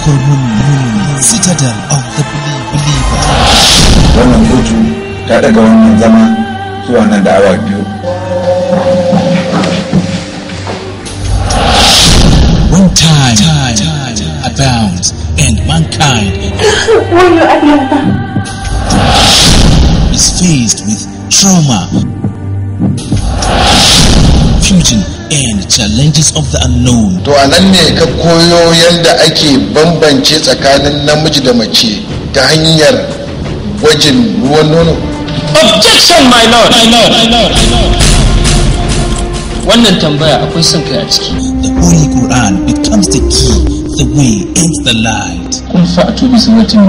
kurmin moon citadel of the believer wannan kotu ta daga wannan zama zuwa nan da awa biyu when time, time abounds and mankind is faced with trauma and challenges of the unknown. To a nan ne ka koyo yadda ake bambance tsakanin namiji da mace ta hanyar gwajin ruwan nono. Objection my lord. My lord. My lord. Wannan tambaya akwai son kai a ciki. The Holy Quran becomes the key, the way and the light. Kun fa'atu bi sunnatin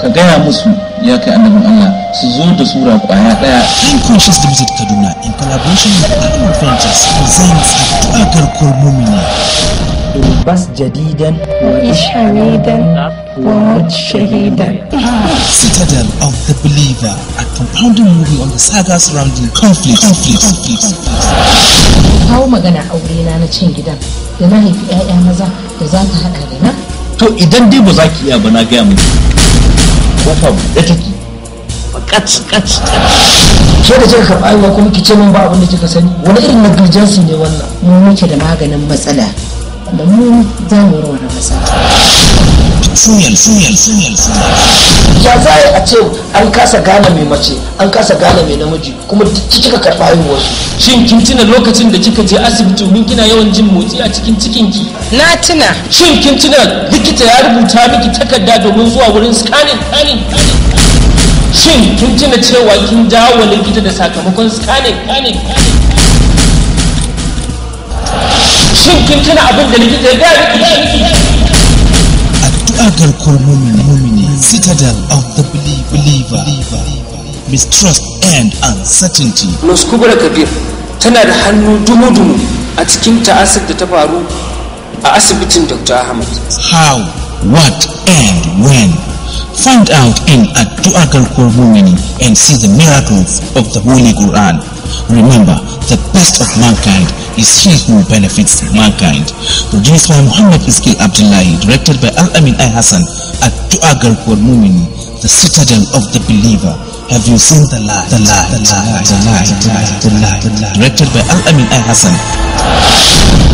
Ka gaya musu ya kai annabi Allah su zo da sura kwaya daya Unconscious Limited Kaduna in collaboration with Adam Ventures presents Addu'akar Kolmumina Bas jadidan wa حميدا wa shahidan Citadel of the Believer a compounding movie on the saga surrounding conflict conflict conflict kawo magana aure na na cin gidan da na haifi 'ya'ya maza da za ka haɗa da na to idan dai ba za ki iya ba na gaya miki kofa buɗe take ke da kika karɓa aiwa kuma ki ce min ba abin da kika sani wani irin negligence ne wannan mu muke da maganin matsala da mu za mu warware matsala yanzu yanzu yanzu yanzu ya za a ce an kasa gane mai mace an kasa gane mai namiji kuma kika karɓa haihuwar shin kin tuna lokacin da kika je asibiti domin kina yawan jin motsi a cikin cikinki na tuna shin kin tuna likita ya rubuta miki takarda domin zuwa wurin scanning scanning shin kin tuna cewa kin dawo likita da sakamakon scanning scanning shin kin tuna abin da likita ya gaya miki agarkuwar mumini citadel of the believer mistrust and uncertainty Los Kubra Kabir tana da hannu dumu-dumu a cikin ta'asar da ta faru a asibitin Dr. Ahmad how what and when find out in Addu'a Garkuwar Mumini and see the miracles of the Holy Quran remember the best of mankind is he who benefits mankind. Produced by Muhammad Iski Abdullahi, directed by Al Amin I Hassan at Dua Garkuwar Mumini, the citadel of the believer. Have you seen the light? The light, the light, the light, the light, the light, the light. Directed by Al Amin Hassan.